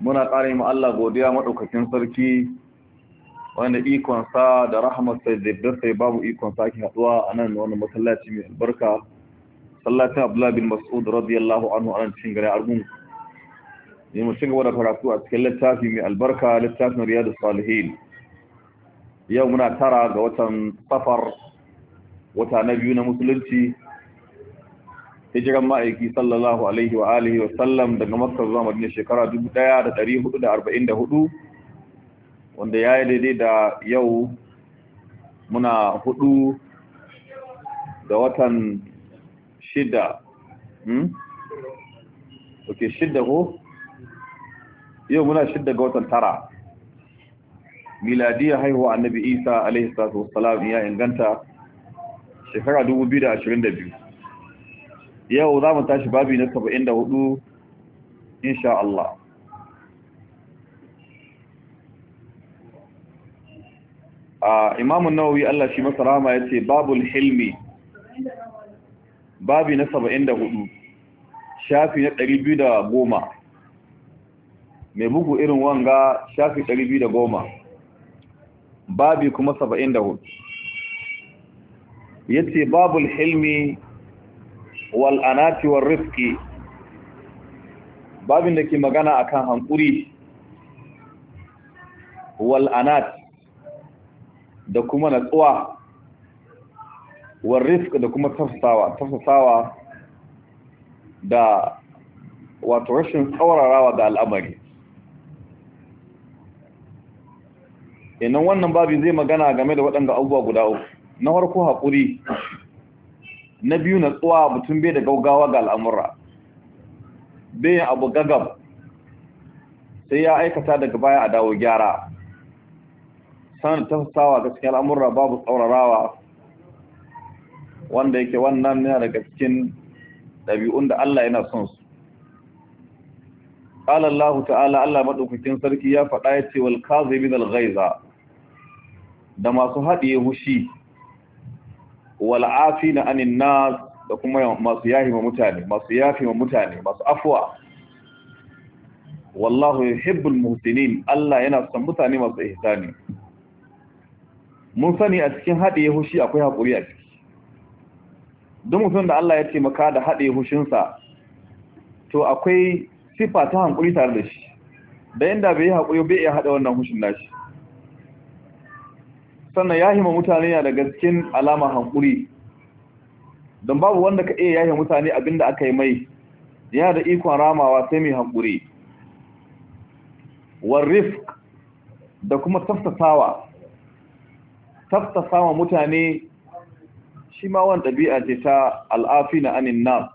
muna ƙari ma Allah godiya maɗaukakin sarki wanda ikonsa da rahamarsa da sai babu ikonsa ake haɗuwa a nan wani masallaci mai albarka sallacin abdullahi bin mas'ud radiyallahu anhu a nan cikin gari argun ne mu ci gaba da karatu a cikin littafi mai albarka littafin riyadu salihin yau muna tara ga watan safar wata na biyu na musulunci hijiran ma'aiki sallallahu alaihi wa alihi wa sallam daga makka zuwa madina shekara 1444 wanda ya yi daidai da yau muna hudu da watan shida hmm? ok shida ko yau muna shida ga watan tara miladiya haihuwa annabi isa alaihi salatu wasalam ya inganta shekara 2022 yau za mu tashi babi na 74 insha Allah a imamun nawawi Allah shi masa rama ya ce babul hilmi babi na 74 shafi na 210 mai bugu irin wanga shafi 210 babi kuma 74 ya ce babul hilmi wal anati war babin da ke magana akan hankuri wal anat da kuma natsuwa wal rifq da kuma tafsawa tafsawa da wato rashin tsaurarawa da al'amari inan wannan babi zai magana game da waɗanda abubuwa guda uku na farko haƙuri na biyu na tsuwa mutum bai da gaugawa ga al'amura bai abu gagab sai ya aikata daga baya a dawo gyara sanar tafasawa cikin al'amura babu tsaurarawa wanda yake wannan yana daga cikin ɗabi'un da Allah yana son su ƙalar الله ta'ala Allah maɗaukakin sarki ya faɗa ya ce wal kazimin al ghaiza da masu haɗiye hushi wal afina anin nas da kuma masu yahi ma mutane masu yafi ma mutane masu afwa wallahu yuhibbul muhsinin Allah yana son mutane masu ihsani mun sani a cikin haɗe hushi akwai haƙuri a ciki duk mutum da Allah ya ce maka da haɗe hushinsa to akwai sifa ta hankuri tare da shi da inda bai haƙuri bai iya haɗa wannan hushin nashi sannan ya himma mutane na daga cikin alama hankuri don babu wanda ka iya yahi mutane abinda aka yi mai yana da ikon ramawa sai mai hankuri warif da kuma taftasawa taftasawa mutane shi ma wani ɗabi'a ce ta al'afi na anin na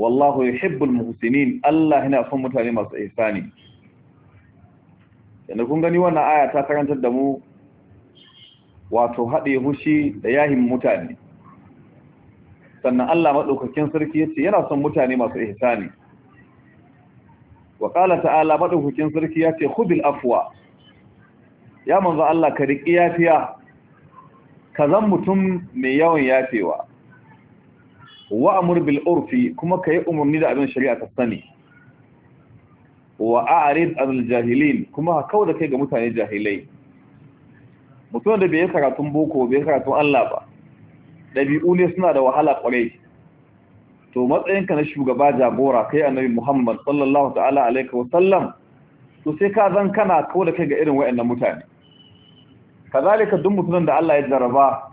wallahu ya hibbul muhusinin Allah yana son mutane masu ihsani yana kun gani wannan aya ta karantar da mu wato haɗe hushi da yahin mutane sannan Allah maɗaukakin sarki ya ce yana son mutane masu ihsani wa ƙala ta'ala maɗaukakin sarki ya ce hubil afwa ya manzo Allah ka riƙi yafiya ka zan mutum mai yawan yafewa wa amur bil urfi kuma ka yi umarni da abin shari'a ta sani wa a'rid anil jahilin kuma ka kauda kai ga mutane jahilai mutum da bai karatun boko bai karatun Allah ba ɗabi'u ne suna da wahala ƙwarai to matsayinka na shugaba jagora kai annabi Muhammad sallallahu ta'ala alaihi wa sallam to sai ka zan kana ko da kai ga irin wayannan mutane kazalika duk mutumin da Allah ya jaraba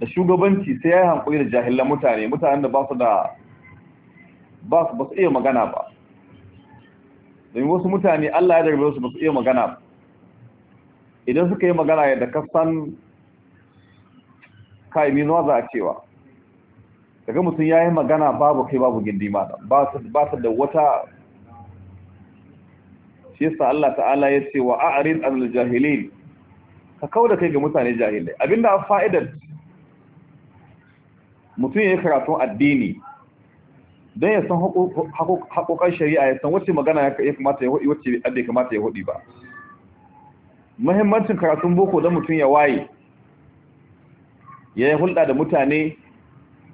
da shugabanci sai ya yi da jahilan mutane mutanen da ba su da ba su iya magana ba domin wasu mutane Allah ya jarabe su ba su iya magana ba idan suka yi magana yadda ka san kaimi nuwa za a cewa daga mutum ya yi magana babu kai babu gindi mata ba su da wata shi yasa Allah ta'ala ya ce wa a'rid al jahilin ka kauda kai ga mutane jahilai abinda a fa'idar mutum ya yi karatun addini don ya san haƙoƙar shari'a ya san wacce magana ya kamata ya hudu wacce abin kamata ya hudu ba muhimmancin karatun boko don mutum ya waye ya yi hulɗa da mutane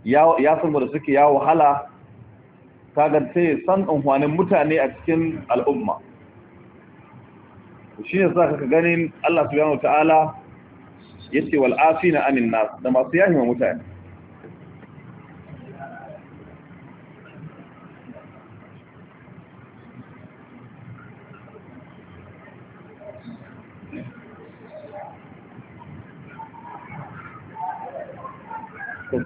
ya sulma da suke ya wahala kagance ya san amfanin mutane a cikin al'umma shi ne za ka ganin Allah subhanahu wa ta'ala ya ce wal'afi na anin da masu yahima mutane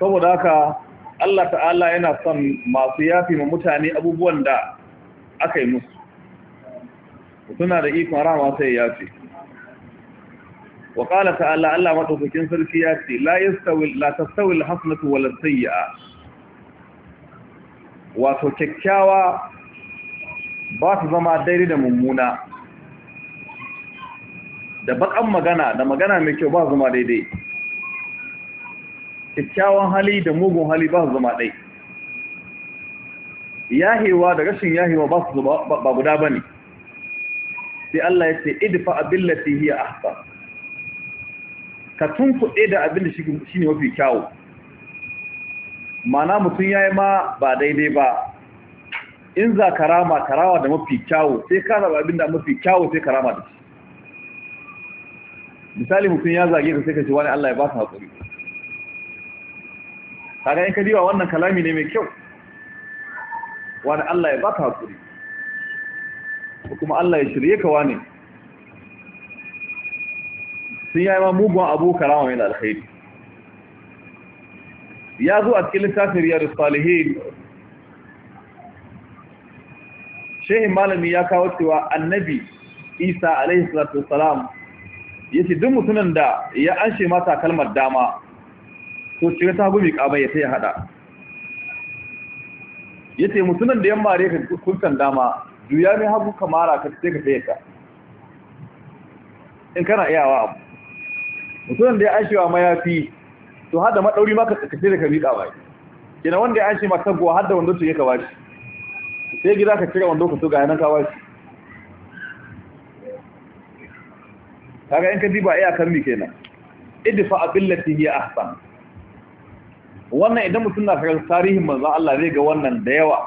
saboda haka Allah ta'ala yana son masu yafi ma mutane abubuwan da aka yi musu suna da ikon rama sai yafi. Waƙala wa ta'ala Allah maɗaukakin sarki ya ce la tastawil hasnatu wala sayya wato kyakkyawa ba ta zama daidai da mummuna da bakan magana da magana mai kyau ba zama daidai kyakkyawan hali da mugun hali ba su zama ɗai yahewa da rashin yahewa ba su ba guda ba ne sai Allah ya ce idfa abillati hiya ahsan ka tunkuɗe da abin da shi ne mafi kyawu mana mutum ya yi ma ba daidai ba in za karama karawa da mafi kyawu sai ka zaba abin da mafi kyawo sai karama da shi misali mutum ya zage ka sai ka ce wani Allah ya ba ka haƙuri kaga in ka diwa wannan kalami ne mai kyau wani Allah ya baka hakuri kuma Allah ya shirye ka wani sun yi ma mugun abu karama mai alkhairi ya zo a cikin littafin riyar salihin shehin malami ya kawo cewa annabi isa alaihi salatu wasalam ya ce duk mutumin da ya anshe mata kalmar dama to cewa ta gumi ƙaba ya sai ya haɗa ya ce da yamma ka kun kulkan dama juya ne hagu kamara ka sai ka sai ka in kana iyawa abu mutumin da ya ashewa mayafi to hada madauri ma ka sai da ka rika bai Ina wanda ya ashe ma taguwa har da wando su ya ka sai gida ka cire wando ka so ga nan ka bashi kaga in ka diba kan mi kenan idfa billati hiya ahsan wannan idan mutum na kakar tarihin manzan Allah zai ga wannan da yawa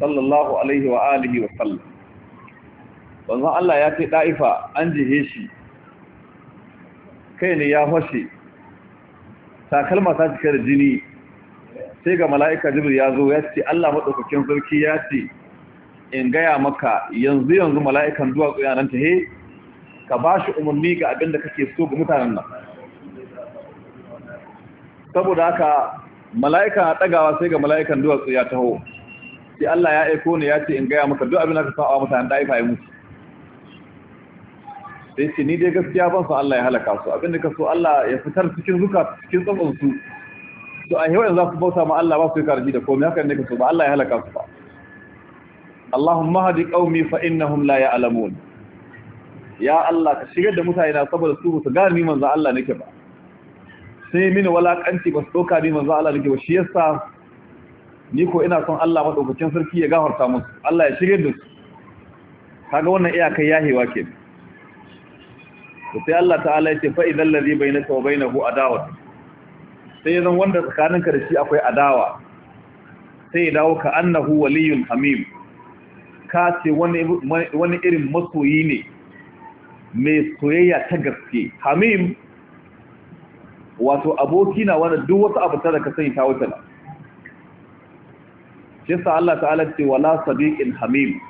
sallallahu alaihi wa alihi wa sallam manzan Allah ya ce ɗa'ifa an jihe shi kai ne ya fashe takalma ta cika da jini sai ga mala'ika jibril ya zo ya ce Allah maɗaukakin sarki ya ce in gaya maka yanzu yanzu mala'ikan duwatsu yanan ta he ka ba shi umarni ga abinda da kake so ga mutanen nan saboda haka mala'ika na ɗagawa sai ga mala'ikan duwatsu ya taho sai Allah ya aiko ne ya ce in gaya maka duk abin da ka sa'a mutane da aika musu sai ce ni dai gaskiya ban su Allah ya halaka su abin da ka so Allah ya fitar cikin zuka cikin tsantsan su to a yau za su bauta ma Allah ba su yi karfi da komai haka ne ka so ba Allah ya halaka su ba Allahumma hadi qaumi fa innahum la ya'lamun ya Allah ka shigar da mutane na saboda su su gane ni manzo Allah nake ba sai mini walakanci ba su ɗauka ni manzo Allah da shi yasa ni ko ina son Allah maɗaukacin sarki ya gafarta musu Allah ya shirye da su kaga wannan iyakai ya hewa ke sai Allah ta'ala ya ce fa idan ladhi bainaka wa bainahu adawa sai yanzu wanda tsakaninka da shi akwai adawa sai ya dawo ka annahu waliyun hamim ka ce wani irin masoyi ne mai soyayya ta gaske hamim wato aboki na wanda duk wasu abu da ka sani ta wuce na shi sa Allah ta'ala ce wala sadiqin hamim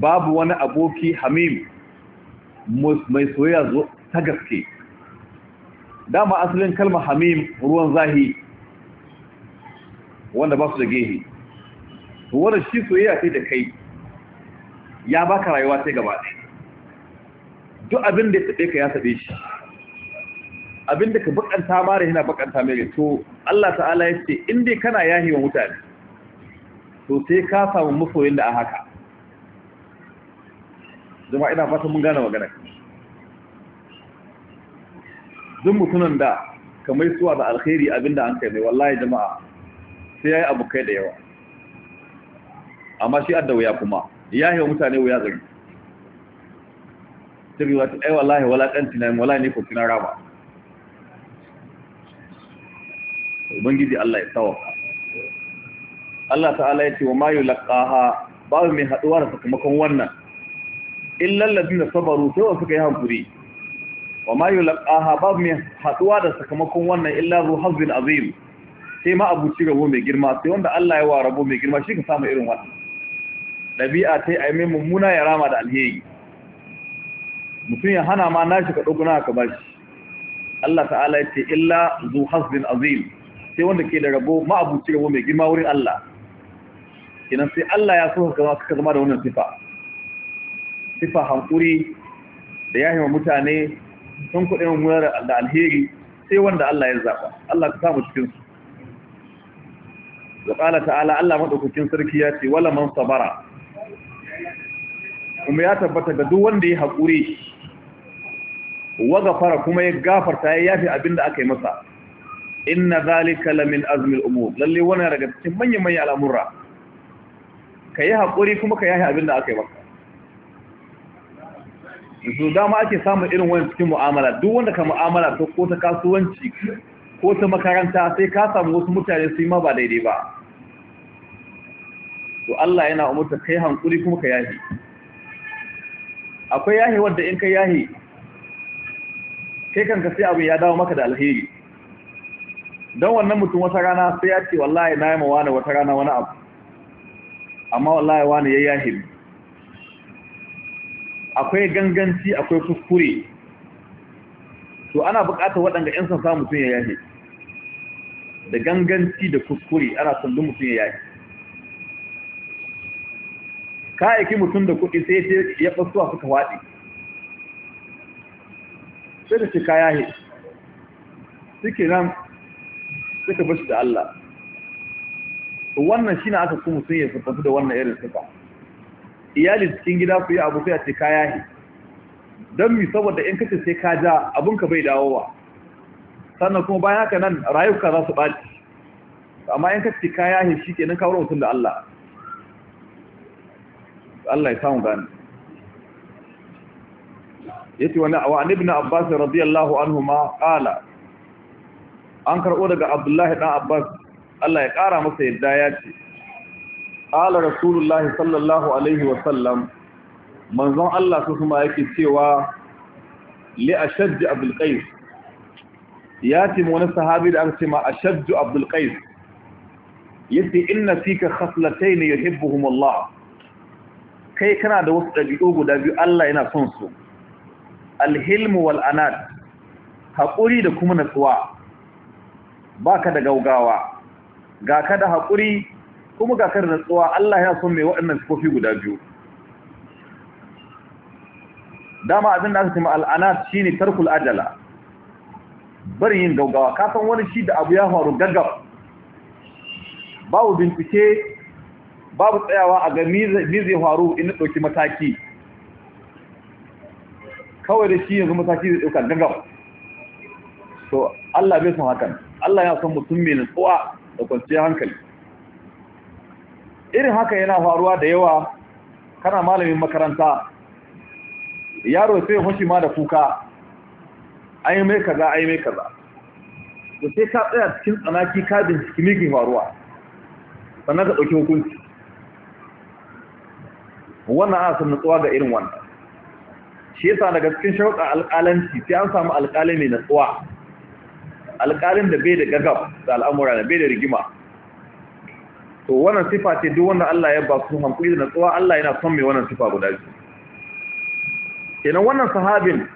babu wani aboki hamim mai soyayya ta gaske dama asalin kalma hamim ruwan zahi wanda ba su da gehe wanda shi soyayya sai da kai ya baka rayuwa sai gaba ɗaya duk abin da ya taɓe ka ya taɓe shi abinda ka bakanta mara yana bakanta mai to Allah ta'ala ya ce in dai kana yahi wa mutane to sai ka samu masoyin da a haka jama'a ina fata mun gane magana duk mutunan da kamar suwa da alkhairi abinda an kai mai wallahi jama'a sai yayi abokai da yawa amma shi adda wuya kuma yahi wa mutane wuya zai tabi wata ai wallahi wala ɗan na wallahi ne ko kina rama ubangiji Allah ya tawaka Allah ta'ala ya ce wa mayu laqaha babu mai haduwa da sakamakon wannan illal ladina sabaru sai wa suka yi hankuri wa mayu laqaha babu mai haduwa da sakamakon wannan illa zu hazbin azim sai ma abu abuci rabo mai girma sai wanda Allah ya wa rabo mai girma shi ka samu irin wannan dabi'a tai ai mai mummuna ya rama da alheri mutum ya hana ma nashi ka doguna ka bashi Allah ta'ala ya ce illa zu hazbin azim sai wanda ke da rabo ma'abuci rabo mai girma wurin Allah kenan sai Allah ya so ka zama da wannan sifa sifa hankuri da ya hima mutane sun kuɗin mura da alheri sai wanda Allah ya zaɓa Allah ka samu cikin su da ƙala ta'ala Allah maɗaukakin sarki ya ce wala man sabara kuma ya tabbata ga duk wanda ya haƙuri wa gafara kuma ya gafarta ya yafi abin da aka yi masa inna zalika lamin azmil umur lalle wannan daga cikin manyan manyan al'amura kayi hakuri kuma ka yahi abin da aka yi maka da dama ake samun irin wannan cikin mu'amala duk wanda ka mu'amala to ko ta kasuwanci ko ta makaranta sai ka samu wasu mutane su yi ma ba daidai ba to Allah yana umurta kai hankuri kuma ka yahi akwai yahi wanda in ka yahi kai kanka sai abin ya dawo maka da alheri don wannan mutum wata rana sai ya ce wallahi na yi ma wani wata rana wani abu amma wallahi wani ya yi akwai ganganci akwai kuskure to ana buƙatar waɗanda ‘yan samun mutum ya yahi da ganganci da kuskure ana sandu mutum ya yi. ka aiki mutum da kuɗi sai ya fasuwa suka waɗi sai da ce ka yahi suke nan suka bashi da Allah wannan shi ne aka kuma sun yi tafi da wannan irin suka iyali cikin gida ku yi abu sai a ce kaya ne don mi saboda in kace sai ka ja abinka bai dawowa sannan kuma bayan haka nan rayuka za su ɓaci amma in kace kaya ne shi ke nan kawo mutum da Allah Allah ya samu gani yace wani wa ibn abbas radiyallahu anhu ma qala an karɓo daga abdullahi ɗan abbas Allah ya ƙara masa yadda ya ce ƙala rasulullahi sallallahu alaihi wasallam manzon Allah su kuma yake cewa li a shajji abdulkais ya ce wani sahabi da aka ce ma a shajji abdulkais ya ce na fi ka khaslatai ne ya hibbuhum Allah kai kana da wasu ɗabi'u guda biyu Allah yana son su alhilmu wal'anat haƙuri da kuma natsuwa baka da gaugawa ga ka da haƙuri kuma ga ka da natsuwa Allah ya son mai waɗannan sifofi guda biyu dama abin da aka cima al'anat shine tarkul ajala bari yin gaugawa ka san wani shi da abu ya faru gaggab babu bincike babu tsayawa a ga ni zai faru in ɗauki mataki kawai da shi yanzu mataki zai ɗauka gaggab to Allah bai san hakan Allah ya san mutum mai nutsuwa da kwanciyar hankali irin haka yana faruwa da yawa kana malamin makaranta yaro sai hushi ma da kuka an yi mai kaza an mai kaza to sai ka tsaya cikin tsanaki ka binciki mikin faruwa sannan ka ɗauki hukunci wannan ana san nutsuwa ga irin wannan shi yasa daga cikin sharuɗa alƙalanci sai an samu alƙali mai natsuwa alƙalin da bai da gagab da al'amura da bai da rigima to wannan sifa ce duk wanda Allah ya ba su hankuli da natsuwa Allah yana son mai wannan sifa guda biyu kenan wannan sahabin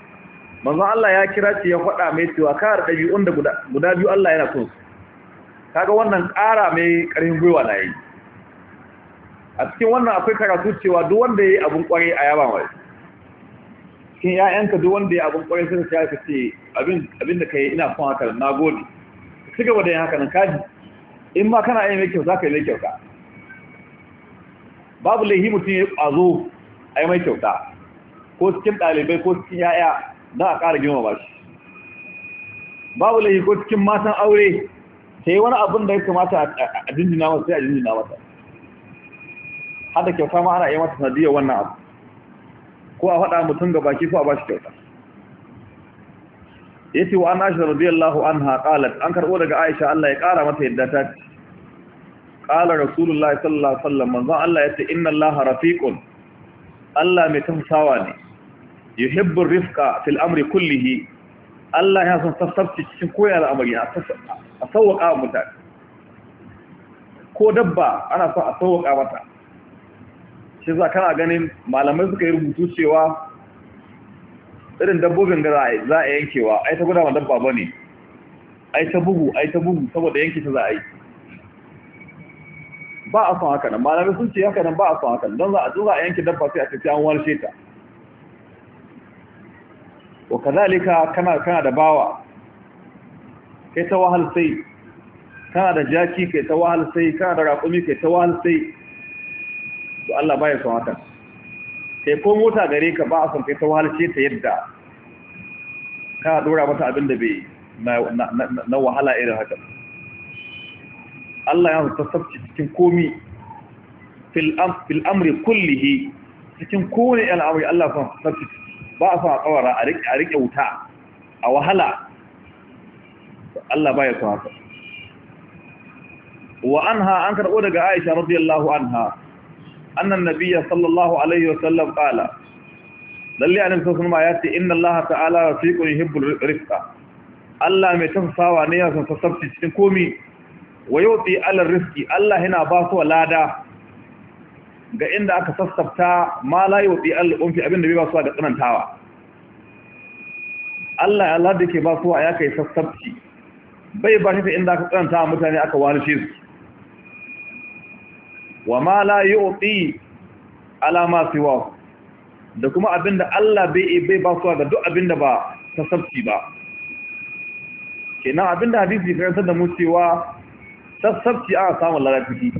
manzo Allah ya kira shi ya faɗa mai cewa kar ɗabi'un da guda biyu Allah yana son su kaga wannan ƙara mai ƙarfin gwiwa na yi a cikin wannan akwai karatu cewa duk wanda ya yi abin ƙwarai a yaba mai Kin ƴaƴanka duk wanda ya abun kwarai sai ka ka ce abin abin da kai ina fama haka na gode ci gaba da yin haka nan kaji in ma kana yin mai kyau zaka yi kyauta babu laihi mutum ya kwazo a yi mai kyauta ko cikin ɗalibai ko cikin yaya da a ƙara ba shi babu laihi ko cikin matan aure ta yi wani abin da ya kamata a jinjina masa sai a jinjina masa hada kyauta ma ana yi masa sanadiyar wannan abu ko a faɗa mutum ga baki ko a bashi kyauta yace wa an aisha radiyallahu anha qalat an karbo daga aisha Allah ya kara mata yadda ta qala rasulullah sallallahu alaihi wasallam manzo Allah yace inna allaha rafiqun Allah mai tausawa ne yuhibbu rifqa fil amri kullihi Allah ya san sassabci cikin koyar al'amari a sawwaka mutane ko dabba ana son a sawwaka mata shi za kana ganin malamai suka yi rubutu cewa irin dabbobin da za a yankewa ai ta gudawa dabba ba ne ai ta bugu ai ta bugu saboda yanki ta za a yi ba a son haka nan malamai sun ce haka nan ba a son haka don za a zo za a yanke dabba sai a tafi an warshe ta wa kazalika kana kana da bawa kai ta wahal sai kana da jaki kai ta wahal sai kana da raƙumi kai ta wahal sai to Allah baya son haka sai ko mota gare ka ba a son kai ta wahalce ta yadda ka dora mata abin da bai na wahala irin haka Allah ya tasabci cikin komi fil amri kullihi cikin kowane al'amari Allah son tasabci ba a son a kawara a riƙe wuta a wahala Allah baya son haka wa anha an karɓo daga Aisha radiyallahu anha annan nabiyya sallallahu alaihi wasallam qala lalle annabi sallallahu alaihi ya ce inna allaha ta'ala rafiqun yuhibbul rifqa Allah mai tafasawa ne ya san cikin komi wa yuti ala rizqi Allah yana ba su lada ga inda aka sassafta ma la yuti al umfi abinda bai ba su tsanantawa Allah Allah da ke ba ya kai sassafci bai ba shi inda aka tsananta mutane aka wani shi su wa ma la yu'ti ala ma siwa da kuma abinda Allah bai bai ba su ga duk abinda ba tasabbi ba kenan abinda hadisi ya karanta da mu cewa tasabbi ana samun lalaci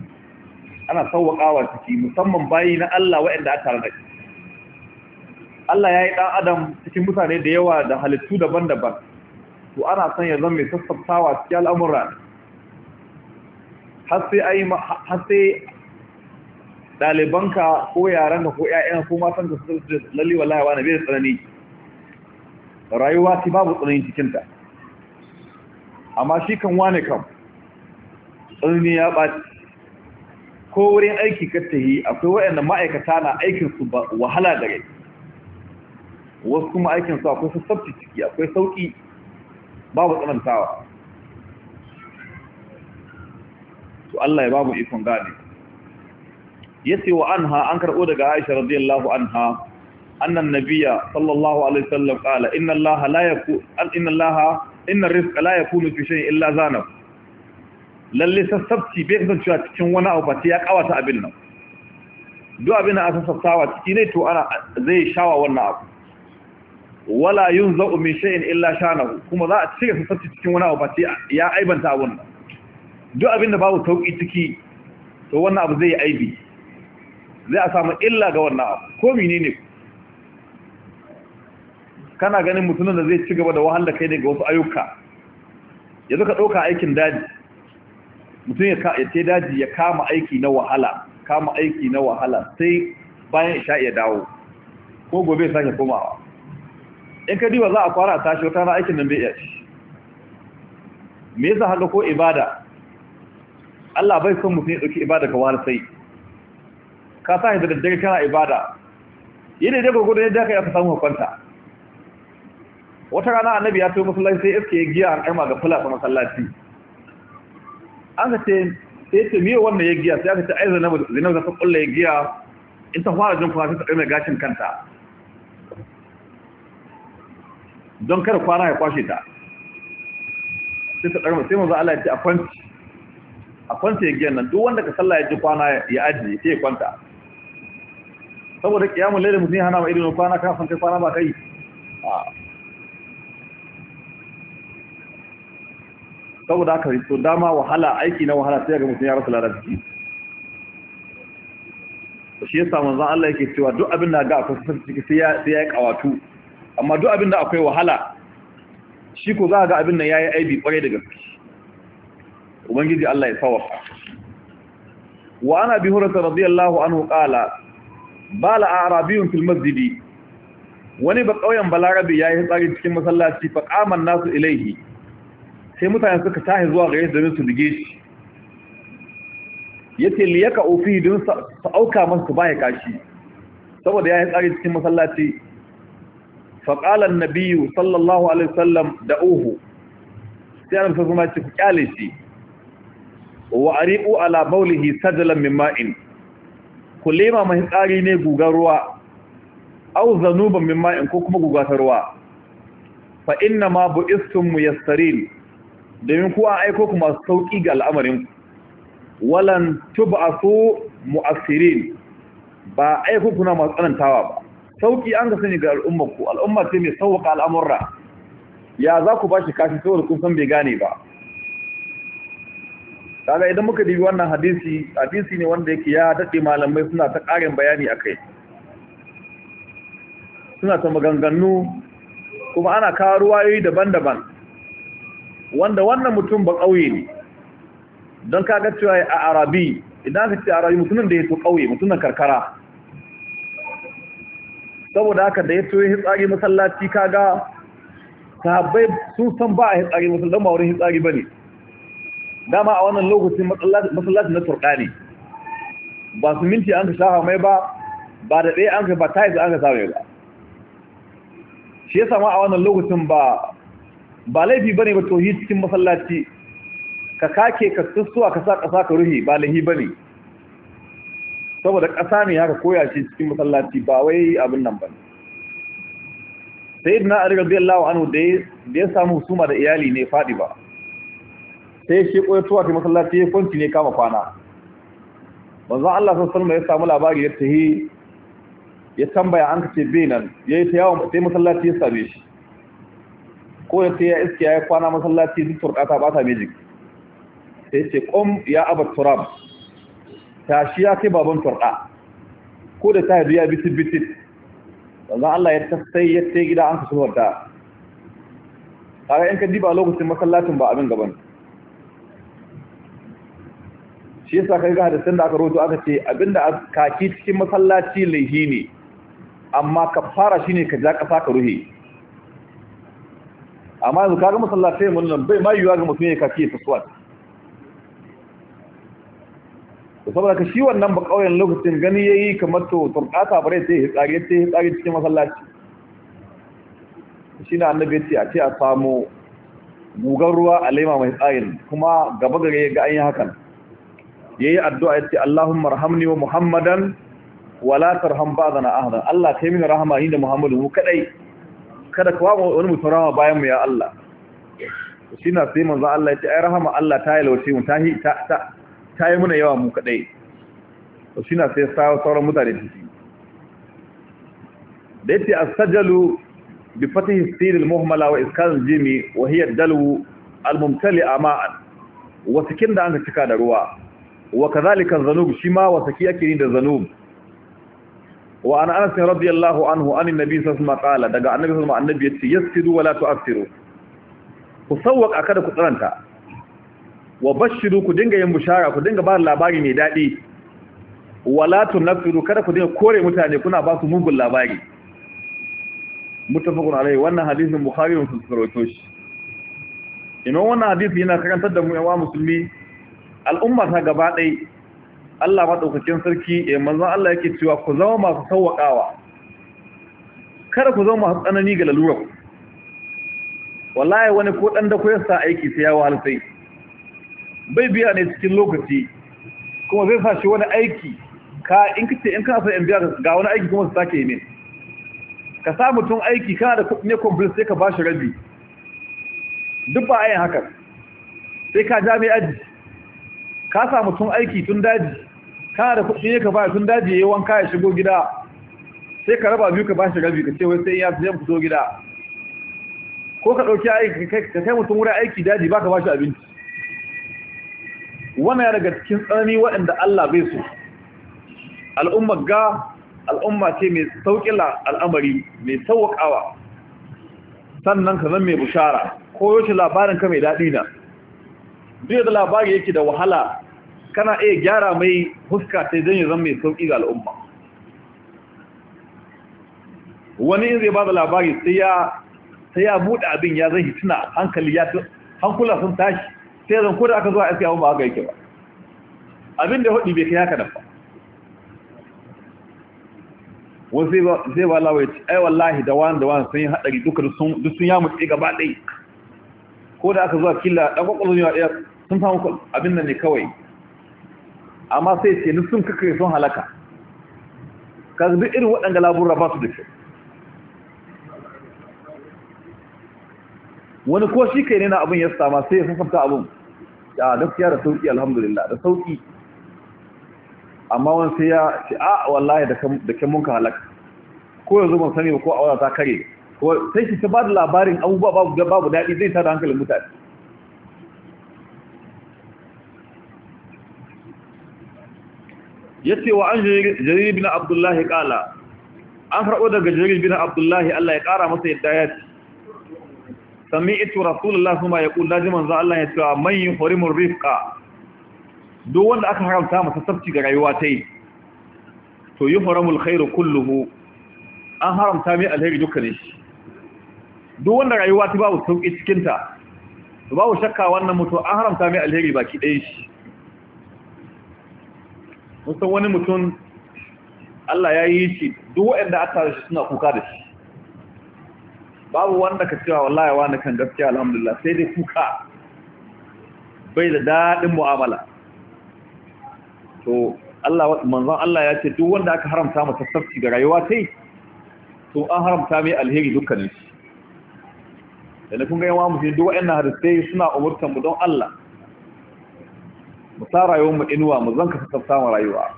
ana sauwaƙawa ciki musamman bayi na Allah waɗanda aka tare Allah ya yi ɗan adam cikin mutane da yawa da halittu daban-daban to ana son ya zama mai sassaftawa cikin al'amura har sai ɗalibanka ko yaranka ko ƴaƴanka ko matanka su lalle wallahi wani bai da tsanani rayuwa ce babu tsanani cikinta amma shi kan wane kam tsanani ya ɓaci ko wurin aiki kattahi akwai waɗanda ma'aikata na aikin su ba wahala da rai wasu kuma aikin su akwai sassabci ciki akwai sauƙi babu tsanantawa to Allah ya babu ikon gane yace wa anha an karbo daga Aisha radiyallahu anha annan nabiyya sallallahu alaihi wasallam qala inna allaha la yakun inna allaha inna rizqa la yakunu fi shay'in illa zana lalle sassabci bai cewa cikin wani abu sai ya kawata abin nan duk abin da aka sassawa ciki ne to ana zai shawa wannan abu wala yunzau min shay'in illa shanahu kuma za a cika sassabci cikin wani abu sai ya aibanta abun nan duk abin da babu tauki ciki to wannan abu zai aibi zai a samu illa ga wannan abu ko ne kana ganin mutumin da zai ci gaba da wahala kai ne ga wasu ayyuka yanzu ka ɗauka aikin daji mutum ya ce daji ya kama aiki na wahala kama aiki na wahala sai bayan isha ya dawo ko gobe sake komawa in ka diba za a a tashi wata na aikin nan bai iya shi me yasa haka ko ibada Allah bai son mutum ya ɗauki ibada ka wahala sai ka sa da daddare kana ibada yi da daga ne yadda kai aka samu hukunta wata rana annabi ya to masallaci sai iske giya an kaima ga fula ta masallaci an ka ce sai ce miyo wannan ya giya sai aka ce ai zanabu zinabu da ta kulla ya giya in ta fara jin kwana ta kaima gashin kanta don kada kwana ya kwashe ta sai ta karma sai manzo Allah ya ce a kwanci a kwanta ya giyan nan duk wanda ka sallah ya ji kwana ya aji sai ya kwanta saboda kiyamun lailin mutum hana ma irin kwana kafin kai kwana ba kai saboda aka rito dama wahala aiki na wahala sai ga mutum ya rasa larabci shi samun zan Allah yake cewa duk abin da ga akwai sun ciki sai ya yi kawatu amma duk abin da akwai wahala shi ko za a ga abin nan yi aibi kwarai da gaske ubangiji Allah ya sawa. wa ana bi hurata radiyallahu anhu qala bala arabiyun fil masjidi wani ba kauyen balarabi yayi tsari cikin masallaci fa qaman nasu ilaihi sai mutane suka tahi zuwa gare da su dige shi yace li yaka ufi dun sa auka masa baya kashi saboda yayi tsari cikin masallaci fa qala an-nabiy sallallahu alaihi wasallam da'uhu sai an ya ce "Ku kyale shi wa ariqu ala bawlihi sajlan min ma'in Kulema lema mai tsari ne gugar ruwa au zanuban min ma'in ko kuma gugatar ruwa fa inna ma bu'istum muyassarin domin kuwa aiko ku masu sauki ga al'amarin walan tub'asu mu'assirin ba aiko kuna masu tsanantawa ba sauki an ga sani ga al'ummar ku al'umma ce mai sauka al'amurra ya za ku ba shi kashi saboda kun san bai gane ba kaga idan muka dubi wannan hadisi hadisi ne wanda yake ya dade malamai suna ta karin bayani akai suna ta maganganu kuma ana kawo ruwayoyi daban-daban wanda wannan mutum ba kauye ne don kaga cewa a arabi idan ka ce arabi mutumin da ya to ƙauye mutumin karkara saboda haka da ya to ya hitsari masallaci kaga sahabbai sun san ba a hitsari masallaci don ma wurin hitsari ba ne dama a wannan lokacin masallaci na ne. ba su minti an ka shafa mai ba ba da ɗaya an ka ba tayis an ka same ba shi ya sama a wannan lokacin ba ba laifi ne ba tohi cikin masallaci ka kake ka tsuwa ka sa ƙasa ka ruhi ba laifi ne. saboda ƙasa ne haka koya shi cikin masallaci ba wai abin nan na sayyidina ali radiyallahu Anu da ya samu husuma da iyali ne faɗi ba sai shi koyar tuwa ta masallaci ya kwanci ne kama kwana manzon Allah sun san ya samu labari ya tahi ya tambaya an kace bai nan yayi ta yawon sai masallaci ya same shi ko ya ya iske ya kwana masallaci duk turkata ba ta mai sai ce qum ya abat turab shi ya kai baban turka. ko da ta biya bitit bitit manzon Allah ya tasai ya tayi gida an kace Ta kaga in ka diba lokacin masallacin ba abin gaban shi yasa kai ga da sanda aka roto aka ce abinda kaki cikin masallaci laihi ne amma ka fara shine ka ja kasa ka ruhe amma yanzu kaga masallatai mun nan bai ma yuwa ga mutum ya kaki ya taswat to saboda ka shi wannan ba kauyen lokacin gani yayi kamar to turkata bare sai ya tsare sai ya tsare cikin masallaci shine annabi ya ce a ce a samu gugar ruwa a laima mai tsayin kuma gaba gare ya ga an yi hakan yayi addu'a yace Allahumma rahamni wa Muhammadan wa la tarham ba'dana ahada Allah kai mini rahama ni da Muhammadu mu kadai kada ka wawo wani mutum rahama bayan mu ya Allah shi na sai manzo Allah yace ai rahama Allah ta yalwace mu ta ta ta yi muna yawa mu kadai to shi na sai sauran mutane su da yace as-sajalu bi fatihi siril muhmala wa iskan jimi wa hiya dalwu al-mumtali'a ma'an wasu kin da an cika da ruwa wa kadhalika zanub shi ma wasaki ake ni da zanub wa ana anas radiyallahu anhu an annabi sallallahu alaihi daga annabi sallallahu alaihi annabi yace yassidu wala tu'assiru ku sawwaka kada ku tsaranta wa bashiru ku dinga yin bushara ku dinga ba labari mai dadi wala tunaffiru kada ku dinga kore mutane kuna ba su mugun labari mutafaqun alaihi wannan hadisin bukhari muslim rawaito shi Ina wannan hadisi yana karantar da mu yawa musulmi al'umma ta gaba ɗai Allah maɗaukakin sarki ya eh, manzan Allah yake cewa ku zama masu sauwaƙawa kada ku zama masu tsanani ga lalurar wallahi wani ko ɗan da koyar sa aiki sai ya wahal sai bai biya ne cikin lokaci kuma zai sa shi wani aiki ka in kace in kana so biya ga wani aiki kuma su sake ne ka sa mutum aiki kana da kuɗi ne complete sai ka bashi rabi duk ba a yin haka sai ka ja mai aji ka samu tun aiki tun daji kana da kuɗi ka ba tun daji yayi wanka ya shigo gida sai ka raba biyu ka bashi rabi ka ce wai sai ya zai fito gida ko ka ɗauki aiki ka kai mutum wurin aiki daji baka bashi abinci wannan ya daga cikin tsanani waɗanda Allah bai so al'ummar ga al'umma ce mai sauƙila al'amari mai sauƙawa sannan ka zan mai bushara ko yaushe labarin ka mai daɗi na duk da labari yake da wahala kana iya gyara mai huska sai don zan mai sauƙi ga al'umma wani in zai ba da labari sai ya buɗe abin ya zai hituna hankali ya hankula sun tashi sai zan koda aka zuwa aiki siya ba haka yake ba abin da hudu bai kai haka nafa. wani zai ba ci ai wallahi da wani da wani sun yi haɗari duka duk sun ya mutu gaba ɗai ko da aka zuwa kila ɗan ƙwaƙwalwa sun samu abin nan ne kawai amma sai ce ni sun kakai sun halaka ka duk irin waɗanda labura ba su da shi. wani ko shi kai ne na abin ya sama sai ya sassafta abin ya gaskiya da sauki alhamdulillah da sauki amma wani sai ya ce a wallahi da kyan munka halaka ko yanzu ban sani ba ko a wadata kare sai shi ta ba da labarin abubuwa babu daɗi zai tada hankalin mutane yace wa an jarir bin abdullahi qala an karbo daga jarir bin abdullahi Allah ya kara masa yadda ya ce sami'tu rasulullahi kuma yaqul da za Allah ya ce yin horimun rifka duk wanda aka haramta masa sabci ga rayuwa ta yi to yuhramul khairu kulluhu an haramta mai alheri dukkanin shi duk wanda rayuwa ta babu sauƙi cikinta, babu shakka wannan mutu an haramta mai alheri baki ɗaya shi mun san wani mutum Allah ya yi shi duk waɗanda aka tare shi suna kuka da shi babu wanda ka cewa wallahi wani kan gaskiya alhamdulillah sai dai kuka bai da daɗin mu'amala to Allah manzon Allah ya ce duk wanda aka haramta masa tafsiri ga rayuwa sai to an haramta mai alheri dukkanin shi da na kun ga yawa mutum duk waɗannan hadisai suna umurtan mu don Allah mu sa rayuwar mu inuwa mu zanka ka samu rayuwa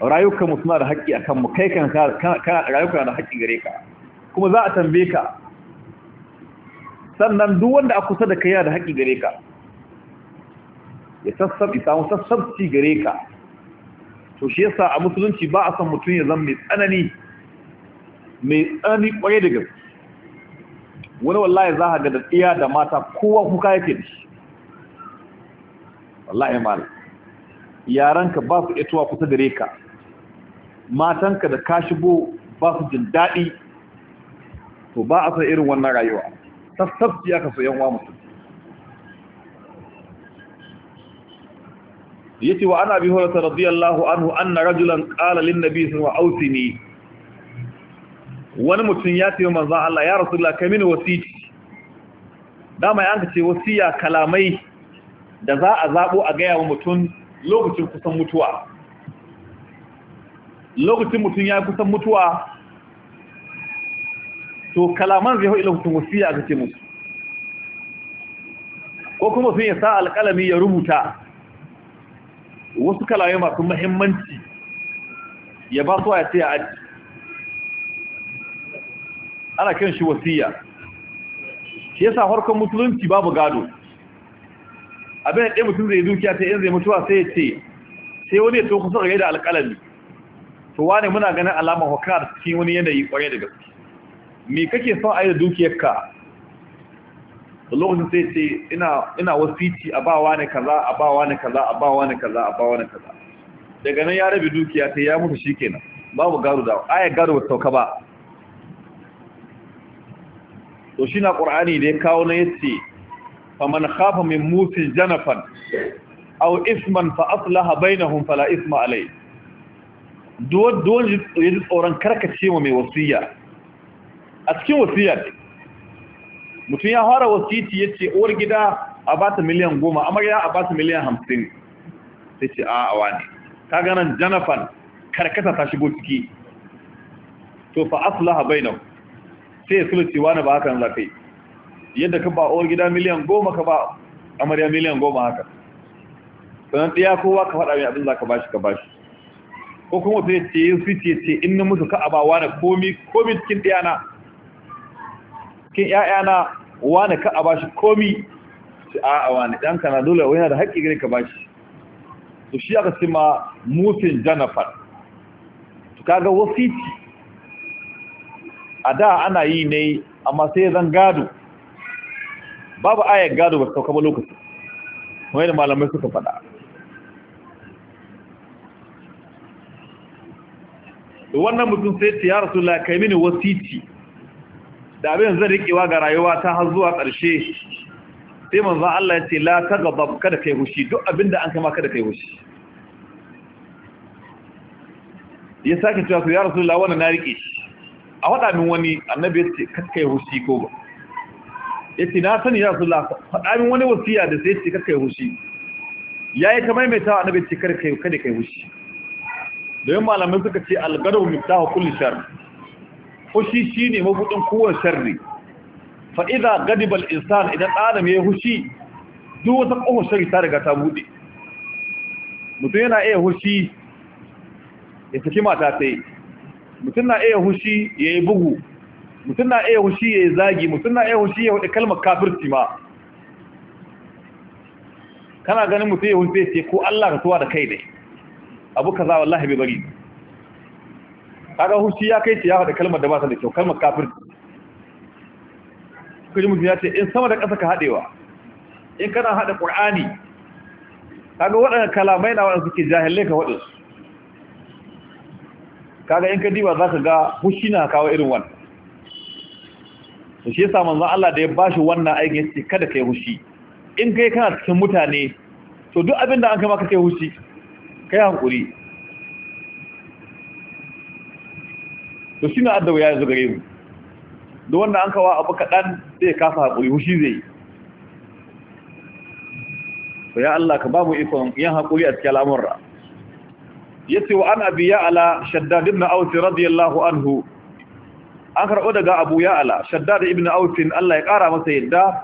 rayuwarka mu suna da haƙƙi akan mu kai kan kana rayuwarka da haƙƙi gare ka kuma za a tambaye ka sannan duk wanda a kusa da kai yana da haƙƙi gare ka ya mu samu ci gare ka to shi yasa a musulunci ba a son mutum ya zama mai tsanani mai tsanani kwarai da gaske wani wallahi za ka ga da tsiya da mata kowa kuka yake da shi wallahi mal yaranka ba su ituwa kusa da ka matanka da ka shigo ba su jin daɗi to ba a san irin wannan rayuwa sassafci aka so yan mutum yace wa ana bi radiyallahu anhu anna rajulan qala lin nabi sallallahu alaihi wani mutum ya ce manzo Allah ya rasulullah kai mini wasiti dama an ka ce wasiya kalamai da za a zaɓo a gaya wa mutum lokacin kusan mutuwa lokacin mutum ya kusan mutuwa to kalaman zai hau ilahutun wasiya aka ce musu ko kuma sun yi sa alƙalami ya rubuta wasu kalamai masu mahimmanci ya ba su waya a aji ana kyan shi wasiya shi yasa harkar musulunci babu gado abin da ɗaya mutum zai dukiya ta yin zai mutuwa sai ce sai wani ya to kusa gare da alƙalami to wane muna ganin alama hukar cikin wani yanayi ƙwarai da gaske me kake son a yi da dukiyarka da lokacin sai ce ina ina wasiti a bawa ne kaza a bawa ne kaza a bawa ne kaza a bawa ne kaza daga nan ya rabe dukiya ta ya mutu shikenan babu garu da aya gado ba sauka ba to shi na ƙur'ani da ya kawo na yace faman khafa min musin janafan aw isman fa aslaha bainahum fala isma alai duwar duwar ya ji tsoron karkace mai wasiya a cikin wasiya ne mutum ya fara wasiti ya ce uwar gida a ba ta miliyan goma amarya a ba ta miliyan hamsin sai ce a awa ta ganin janafan karkata ta shigo ciki to fa aslaha bainahum sai ya sulci wani ba hakan zafi yadda ka ba uwar gida miliyan goma ka ba amarya miliyan goma haka sannan ɗaya kowa ka faɗa mai abin za ka bashi ka bashi ko kuma sai ce yin fice ce in na musu ka abawa na komi komi cikin ɗiyana cikin ƴaƴana wani ka aba shi komi su a a wani ɗan na dole wani da haƙƙi gani ka bashi to shi aka ce ma janafar to kaga wasiti a da ana yi ne amma sai zan gado babu ayar gado ba sauka ba lokaci wani malamai suka faɗa wannan mutum sai ce ya rasu kai mini wasiti da abin zan riƙewa ga rayuwa ta har zuwa ƙarshe sai manzan Allah ya ce la ta gaba kada kai hushi duk abin da an kama kada kai hushi ya sake cewa su ya rasu wannan na riƙe shi a waɗa min wani annabi ya ce kai hushi ko ba yace na sani ya Rasulullah faɗa min wani wasiya da sai ce karka yi hushi yayi kamar mai tawa annabi ce karka yi kada kai hushi don malamai suka ce algadu miftahu kulli shar hushi shine mabudin kowace sharri fa idza ghadiba al-insan idan adam ya hushi duk wata kohon shari ta riga ta bude mutum yana iya hushi ya saki mata sai mutum na iya hushi ya yi bugu mutum na iya hushi ya zagi mutum na iya hushi ya wadda kalmar kafirci ma kana ganin mutum ya hushi ce ko Allah ka tuwa da kai dai abu wa Allah bai bari kaga hushi ya kai ce ya wadda kalmar da ba ta da kyau kalmar kafirci kaji mutum ya ce in sama da ƙasa ka haɗewa in kana haɗa ƙur'ani kaga waɗanda kalamai na waɗanda suke jahilai ka waɗansu kaga in ka diba za ka ga hushi na kawo irin wannan to shi yasa manzon Allah da ya bashi wannan aikin yace kada kai hushi in kai kana cikin mutane to duk abin da an kai maka kai hushi kai hankuri to shine addawa ya zo gare mu duk wanda an kawo abu kadan zai kafa hakuri hushi zai to ya Allah ka ba mu ikon yin hakuri a cikin al'amura yace wa an abi ya ala shaddad ibn aus radiyallahu anhu an karɓo daga abu ya ala shaddad ibn aufin Allah ya ƙara masa yadda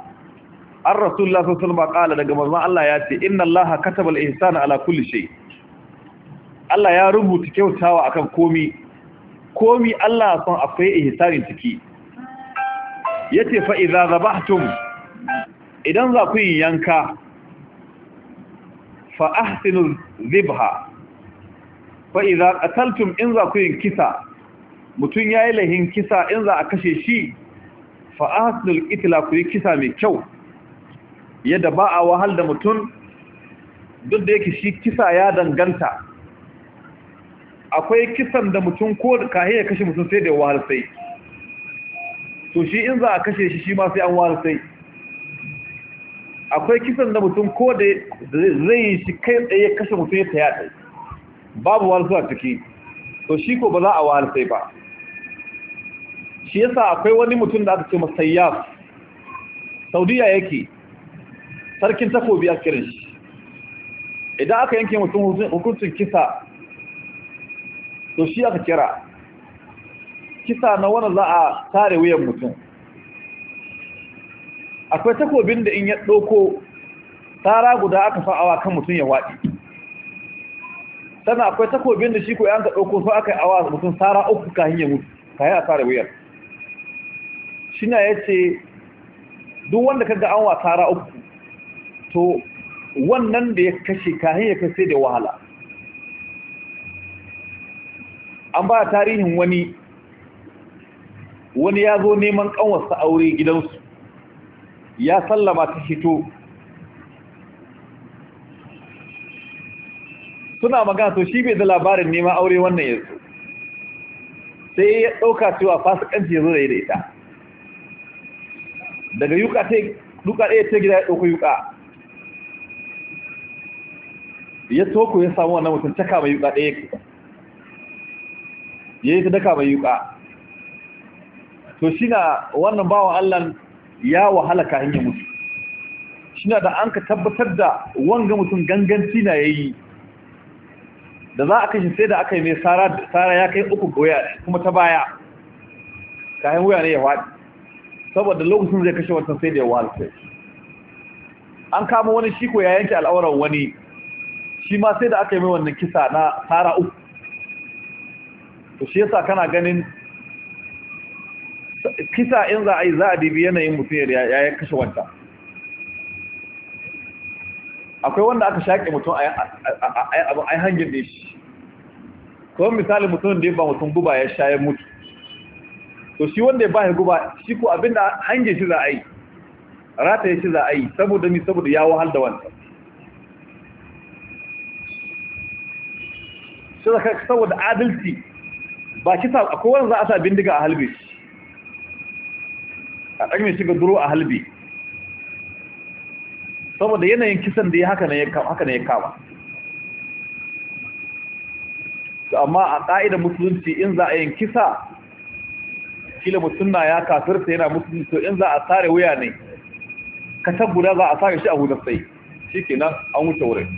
an rasulullah sun sun baƙala daga mazman Allah ya ce inna Allah kataba al-ihsana ala kulli shay Allah ya rubuta kyautawa a kan komi komi Allah son akwai ihsani ciki Ya yace fa zaba tun, idan za ku yi yanka fa zibha!" Fa'iza, fa in za ku yi kisa mutum ya yi lahin kisa in za a kashe shi fa'asnul itila ku yi kisa mai kyau yadda ba a wahal da mutum duk da yake shi kisa ya danganta akwai kisan da mutum ko kahe ya kashe mutum sai da wahal sai to shi in za a kashe shi shi ma sai an wahal sai akwai kisan da mutum ko da zai yi shi kai tsaye kashe mutum ya ta yaɗa babu wahal su a ciki to shi ko ba za a wahal sai ba shi yasa akwai wani mutum da aka ce masayyaf saudiya yake sarkin takobi a kirin shi idan aka yanke mutum hukuncin kisa to shi aka kira kisa na wani za a tare wuyan mutum akwai takobin da in ya ɗoko tara guda aka fa'awa kan mutum ya waɗi sannan akwai takobin da shi ko yanka ɗoko so aka yi awa mutum tara uku kahin ya mutu kayan a tare wuyar shina ya ce duk wanda kaga an wasa tara uku to wannan da ya kashe kahin ya kashe da wahala an ba tarihin wani wani ya zo neman kanwarsa aure gidansu ya sallama ta hito suna magana to shi bai da labarin neman aure wannan yanzu sai ya ɗauka cewa fasikanci ya zo da ita daga yuka ta duka ɗaya ta gida ya ɗauka yuka ya toko ya samu wannan mutum ta mai yuka ɗaya ya yi ta daka mai yuka to shi na wannan bawan allah ya wahala ka ya mutu shi na da an ka tabbatar da wanga mutum ganganci na ya yi da za a kashe sai da aka yi mai tsara ya kai uku goya kuma ta baya kayan wuya ne ya faɗi saboda lokacin zai kashe wata sai da ya wahalce an kama wani shi ko ya yanke al'auran wani shi ma sai da aka yi mai wannan kisa na tara uku to shi yasa kana ganin kisa in za a yi za a dibi yanayin mutum ya ya kashe wanta akwai wanda aka shaƙe mutum a yi hangin da shi kawai misali mutum da ya ba mutum guba ya sha ya mutu to shi wanda ya ba ya guba shi ko abinda hange shi za a yi rata ya shi za a yi saboda ni saboda ya wahal da wanda shi zaka saboda adalci ba kisa akwai wanda za a sa bindiga a halbe a ɗagme mai shiga duro a halbe saboda yanayin kisan da ya haka ne ya kama amma a ƙa'idar musulunci in za a yin kisa kila mutum na ya kafirta yana mutum, to in za a sare wuya ne katab guda za a sare shi a hudar sai shi ke nan an wuce wurin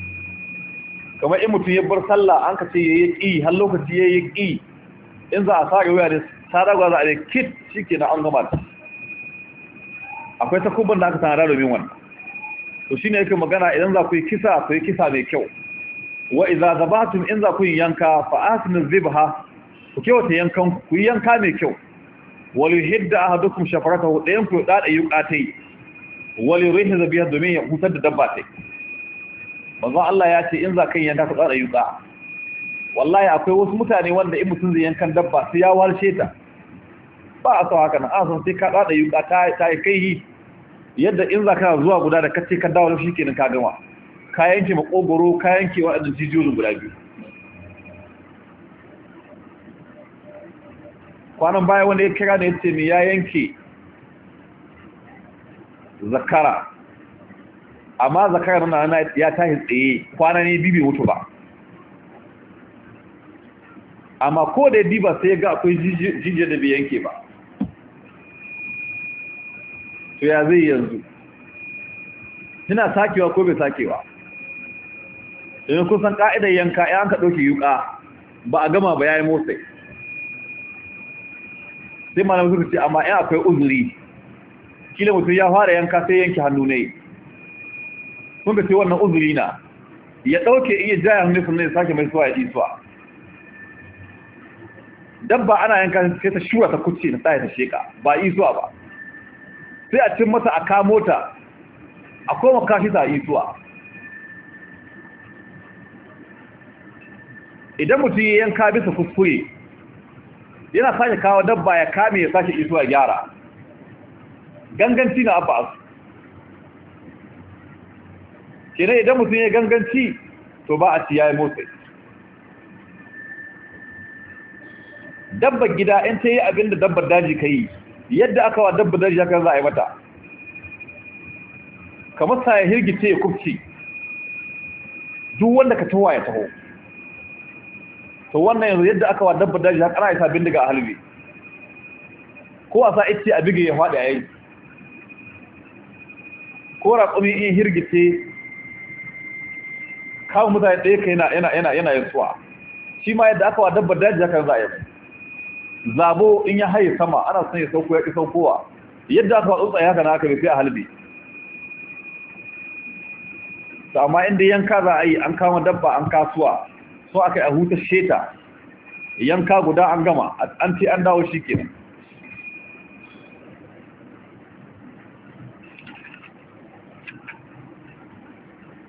kamar in mutum ya bar sallah an ka ce ya yi ƙi har lokaci ya yi ƙi in za a sare wuya ne sadarwa za a yi kit shi ke nan an gama ta akwai takubban da aka tanada domin wannan to shi ne yake magana idan za ku yi kisa ku yi kisa mai kyau wa iza zabatum in za ku yi yanka fa asnu zibha ku kewata yankan ku yi yanka mai kyau wal yuhidda ahadukum shafaratahu dayan ku dada yuqatai wali yurihi biha domin ya hutar da dabba tai manzo Allah ya ce in za kan yanka ku tsara yuqa wallahi akwai wasu mutane wanda in mutun zai yankan dabba sai ya warshe ta ba a so haka nan a san sai ka dada yuqa ta ta kai yadda in za ka zuwa guda da kace ka dawo shi kenan ka gama ka yanke makogoro ka yanke wa'adin jijiyoyin guda biyu kwanan baya wanda ya kira da ya ce mai ya yanke zakara amma zakara na ya tashi tsaye kwana ne bibi mutu ba amma ko da ya diba sai ya ga akwai jijiyar da bai yanke ba to ya zai yanzu suna sakewa ko bai sakewa in kusan ka'idar yanka ya an ka ɗauki yuka ba a gama ba ya yi motsai sai malamai suka ce amma in akwai uzuri kila mutum ya fara yanka sai yanke hannu ne sun ka ce wannan uzuri na ya ɗauke iya jaya hannu sun ne sake mai suwa ya isuwa dabba ana yanka sai ta shura ta kuce na tsaye ta sheka ba isuwa ba sai a cin masa a kamo ta a koma kashi ta isuwa idan mutum ya yanka bisa kuskure yana sake kawo dabba ya kame ya sake iso ya gyara ganganci na abba asu kenan idan mutum ya ganganci to ba a ci ya yi motsi dabbar gida in ta yi abin da dabbar daji ka yi yadda aka wa dabbar daji haka za a yi mata kamar sa ya hirgice ya kubci duk wanda ka tawa ya taho to wannan yanzu yadda aka wa dabbar daji haka ana isa bindiga a halbe ko a sa ice a bige ya faɗi a yayi ko raƙumi in hirgice kawo mutane ɗaya ka yana yana yana yana shi ma yadda aka wa dabbar daji haka za a yi zabo in ya haye sama ana son ya sauko ya ƙi saukowa yadda aka wa tsuntsaye haka na haka bai sai a halbe amma inda yanka za a yi an kama dabba an kasuwa so aka yi a hutar sheta yanka guda an gama an ce an dawo shi kenan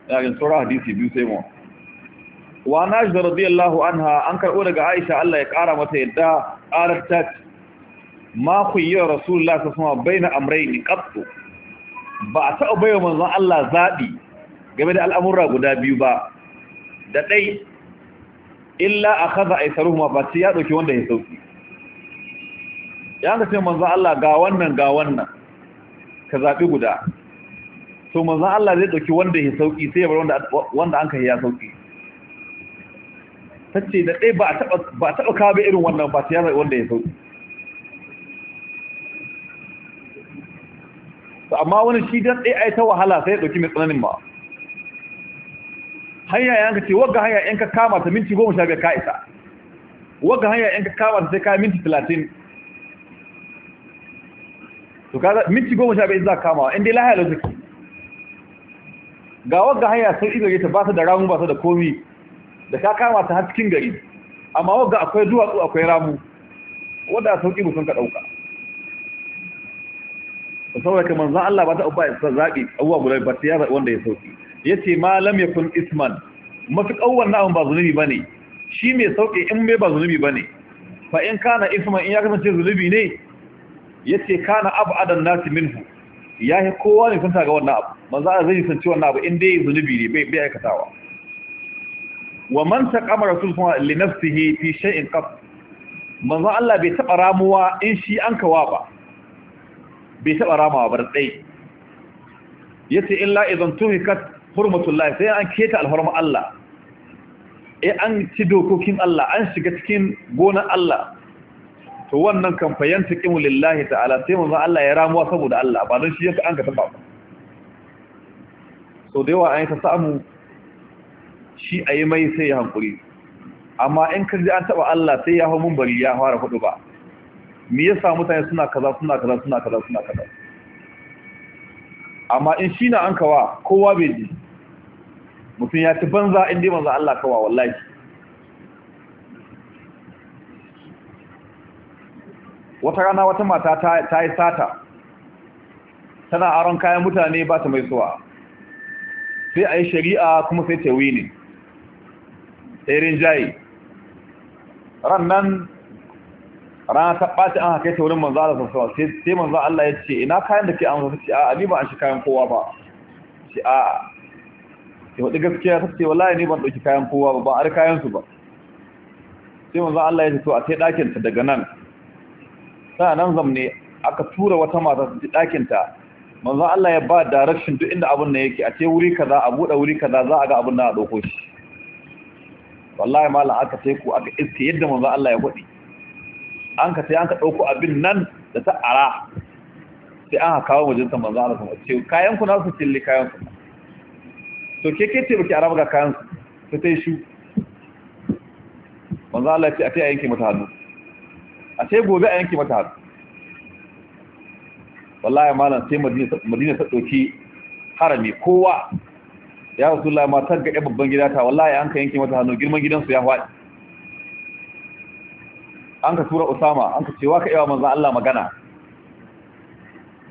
yakin tsoron hadisi biyu sai mu wa na shi da radiyallahu anha an karɓo daga aisha Allah ya ƙara mata yadda ƙarar ta ma ku yi wa rasulullah ta sama bai na amrai ni ƙatsu ba a taɓa bai wa manzon Allah zaɓi game da al'amura guda biyu ba da ɗai illa a kaza a isaruhu mafaci ya ɗauki wanda ya sauki ya ka ce manzan Allah ga wannan ga wannan ka zaɓi guda to manzan Allah zai ɗauki wanda ya sauki sai ya bar wanda an ka ya sauki ta ce da ɗai ba a taɓa kawo irin wannan faci ya zaɓi wanda ya sauki amma wani shi dan ɗai a ta wahala sai ya ɗauki mai tsananin ba hanya yanka ce wagga hanya in ka kama ta minti goma sha biyar ka isa wagga hanya in ka kama ta sai ka minti talatin to kaza minti goma sha biyar za kama in dai lahiya lokaci ga wagga hanya sun ido ta ba da ramu ba da komi da ka kama ta har cikin gari amma wagga akwai duwatsu akwai ramu wanda a sauƙi mutum ka ɗauka saboda kamar zan Allah ba ta ubba ya zaɓi abubuwa guda ba ta ya wanda ya sauƙi yace ma lam kun isman matuƙan wannan abin ba zunubi ba ne shi mai sauƙi in mai ba zunubi ba ne fa in kana isman in ya kasance zunubi ne ya ce kana abu adan nasi minhu ya yi kowa ne santa ga wannan abu manzo a zai sanci wannan abu in dai zunubi ne bai aikatawa wa man kamar rasul kuma li nafsihi fi shay'in qaf manzo Allah bai taba ramuwa in shi an kawa ba bai taba ramawa bar dai yace illa idan tuhikat hurmatullahi sai an keta alhurma Allah eh an ci dokokin Allah an shiga cikin gonar Allah to wannan kan fayanta qimu lillahi ta'ala sai manzo Allah ya ramuwa saboda Allah ba don shi yanka an ka taba ba so da yawa an ta samu shi ayi mai sai ya hankuri amma in ka ji an taba Allah sai ya hawo mun bari ya fara kudu ba me yasa mutane suna kaza suna kaza suna kaza suna kaza amma in shi na an kawa kowa bai ji mutum ya ci banza inda manzo Allah kawa wallahi wata rana wata mata ta yi sata tana aron kayan mutane ba ta mai suwa sai a yi shari'a kuma sai ta wini tsirin jayi rannan rana ta ɓace an haka ta wurin manzo Allah sassawa sai manzo Allah ya ce ina kayan da ke an wasu ce a ba an shi kayan kowa ba shi a sai wadda gaskiya ta ce wallahi ne ban ɗauki kayan kowa ba ba a kayan su ba sai manzo Allah ya ce a kai dakin ta daga nan sai nan zamne aka tura wata mata ta dakin ta manzo Allah ya ba direction duk inda abun nan yake a ce wuri kaza a buɗe wuri kaza za a ga abun nan a dauko shi wallahi mallan aka sai ku aka iske yadda manzo Allah ya hudi an ka sai an ka dauko abin nan da ta ara sai an kawo mujinta manzo Allah kuma ce kayan ku na su tilli kayan ku to ke ke ce baki a rabu ga kayan su ta yi shi wanzu Allah ce a ce a yanke mata hannu a ce gobe a yanke mata hannu wallahi malam sai madina ta ɗauki harami kowa ya wasu lai matar ga babban gida ta wallahi an ka yanke mata hannu girman gidansu ya haɗi an ka tura Usama an ka cewa ka yawa manzan Allah magana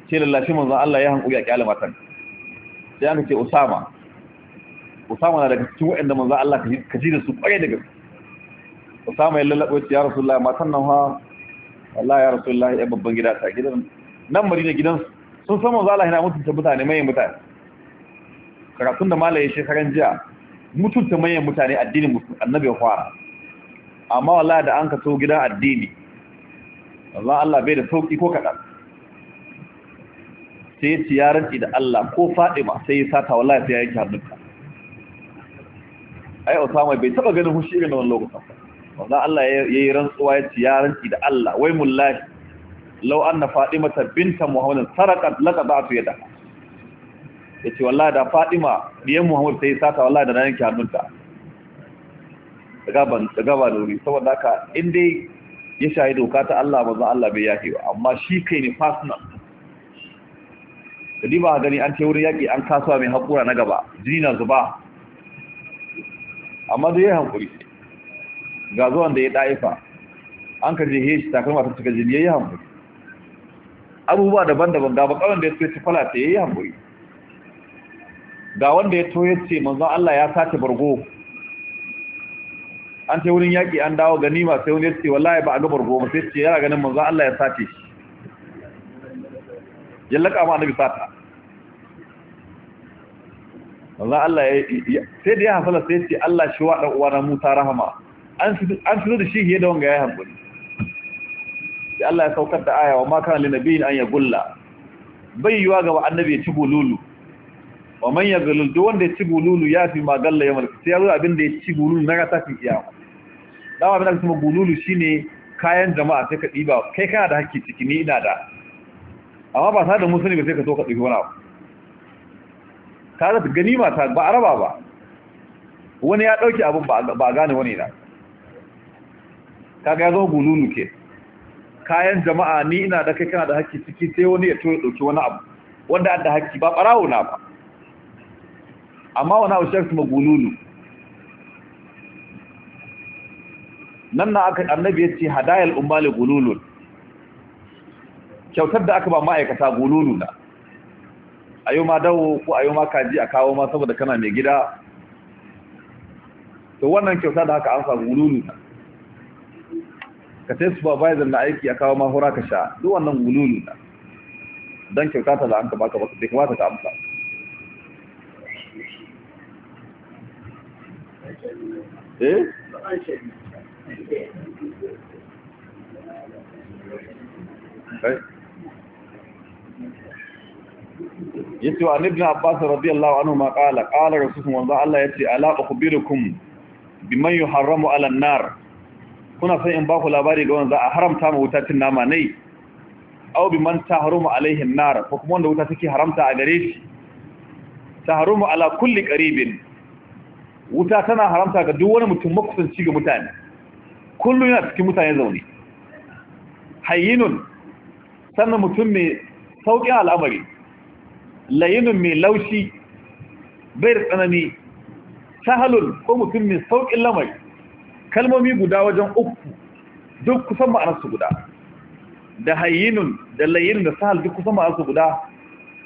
ce lallashi manzan Allah ya hankuri a kyalin matan sai an ka ce Usama usama na daga cikin waɗanda manzo Allah ka ji da su kwaye daga usama ya lallabo ya rasulullahi matan nan ha Allah ya rasulullahi ya babban gida ta gidan nan madina gidan sun san manzo Allah yana mutunta mutane mai mutane karatun da malaye shekaran jiya mutunta mai mutane addinin annabi ya fara amma wallahi da an ka so gidan addini wallahi Allah bai da sauki ko kaɗan. sai ya ci da Allah ko ma sai ya sata wallahi sai ya yi hannunka ai Osama bai taba ganin hushi irin wannan lokacin wanda Allah yayi rantsuwa ya ci yaranci da Allah wai mullahi law anna fatimata binta muhammad sarqat laqadatu yada yace wallahi da fatima diyan muhammad sai sata wallahi da nan yake hannunta daga ban daga ba dori saboda haka in dai ya shayi doka ta Allah manzo Allah bai yafi ba amma shi kai ne personal da ba gani an ce wurin yaki an kasuwa mai hakura na gaba jini na zuba amma da ya hankuri ga zuwan da ya ɗaifa an ka jihe shi takar ta cika jini ya yi hankuri abubuwa daban-daban ga bakawan da ya ce kwala ta ya yi hankuri ga wanda ya toye ce manzan Allah ya sace bargo an ce wurin yaƙi an dawo gani sai wani ya ce wallahi ba a ga bargo ba sai ce yana ganin manzan Allah ya sace shi yallaka ma annabi sata manzan Allah ya sai da ya hasala sai ce Allah shi wa uwa na musa rahama an fito da shi fiye da wanga ya hankali Sai Allah ya saukar da aya wa makana linabiyin an ya gulla bai yiwa ga annabi ya ci bululu wa man ya gulul duk wanda ya ci bululu ya fi magalla ya malaka sai ya zo abin da ya ci bululu na ga tafi kiyama dama abin da kuma bululu shine kayan jama'a sai ka ɗiba kai kana da hakki ciki ni ina da amma ba sa da musulmi ba sai ka so ka ɗibi wani abu kaga ganima ta ba araba ba wani ya dauke abin ba gane wani na kaga ya zama bululu ke kayan jama'a ni ina da kai kana da haƙƙi ciki sai wani ya tura dauki wani abu wanda an da haƙƙi ba barawo na ba amma wani abu shakka magululu nan na aka annabi ya ce hadayal ummali gululun kyautar da aka ba ma'aikata gululu na a yau ma dawo ko a yau ma kaji a kawo ma saboda kana mai gida to wannan kyauta da haka an samu gululu ka sai supervisor na aiki a kawo ma hura ka sha duk wannan gululu na don kyauta ta da an ka baka baka bai kamata ka amsa eh yace wa ibn abbas radiyallahu anhu ma qala qala rasulun wanda Allah yace ala ukhbirukum biman yuharramu ala an-nar kuna sai in ba ku labari ga wanda a haramta mu wuta cin nama ne aw biman tahrumu alaihi an-nar ko kuma wanda wuta take haramta a gare shi tahrumu ala kulli qaribin wuta tana haramta ga duk wani mutum makusanci ga mutane kullu yana cikin mutane zaune hayyinun sannan mutum mai sauƙin al'amari layinun mai laushi bai tsanani sahalun ko mutum mai sauƙin lamari kalmomi guda wajen uku duk kusan ma'anarsu guda da hayinun da layinun da sahal duk kusan ma'anarsu guda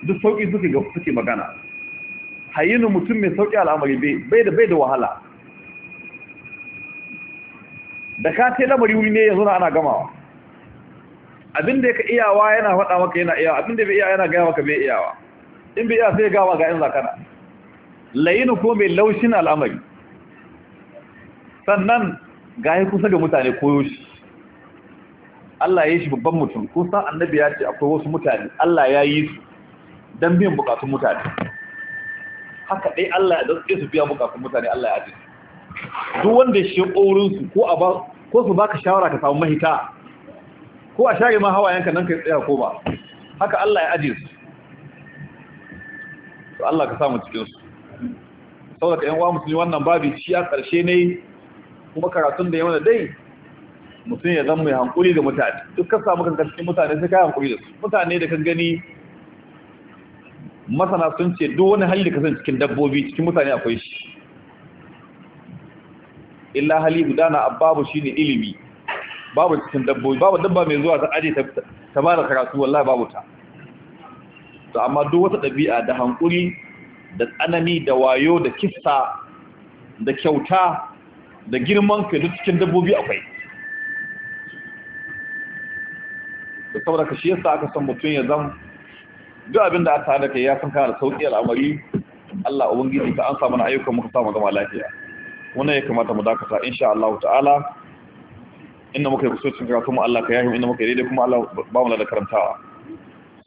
duk sauƙi suke ga suke magana Hayinun mutum mai sauƙi al'amari bai da bai da wahala da ka sai lamari wuri ne yanzu na ana gamawa abinda ya ka iyawa yana faɗa maka yana iyawa abinda bai iyawa yana gaya maka bai iyawa in bai ya sai gawa ga yan zakana layinu ko mai laushin al'amari sannan ga ya kusa ga mutane ko yoshi Allah ya yi shi babban mutum kusa annabi ya ce akwai wasu mutane Allah ya yi su don biyan bukatun mutane haka dai Allah ya dauke su biya bukatun mutane Allah ya ce duk wanda shi ƙorinsu ko a ko su baka shawara ka samu mahita ko a share ma hawayenka nan ka tsaya ko ba haka Allah ya ajiye su to Allah ka samu cikin su saboda yan uwa musulmi wannan babi shi a ƙarshe ne kuma karatun da ya mana dai mutum ya zama mai hankuri da mutane duk ka samu kanka cikin mutane sai ka hankuri da su mutane da kan gani masana sun ce duk wani hali da ka san cikin dabbobi cikin mutane akwai shi illa hali guda na babu shine ilimi babu cikin dabbobi babu dabba mai zuwa ta aje ta ba da karatu wallahi babu ta to amma duk wata ɗabi'a da hankuri da tsanani da wayo da kissa da kyauta da girman kai duk cikin dabbobi akwai da saboda ka shi yasa aka san mutum ya zan duk abin da aka haɗa kai ya san kana da sauƙi al'amari Allah ubangiji ka an samu na ayyukan muka samu gama lafiya wannan ya kamata mu dakata insha Allah ta'ala inda muka yi kusurcin karatu mu Allah ka yahi inda muka yi daidai kuma Allah ba mu da karantawa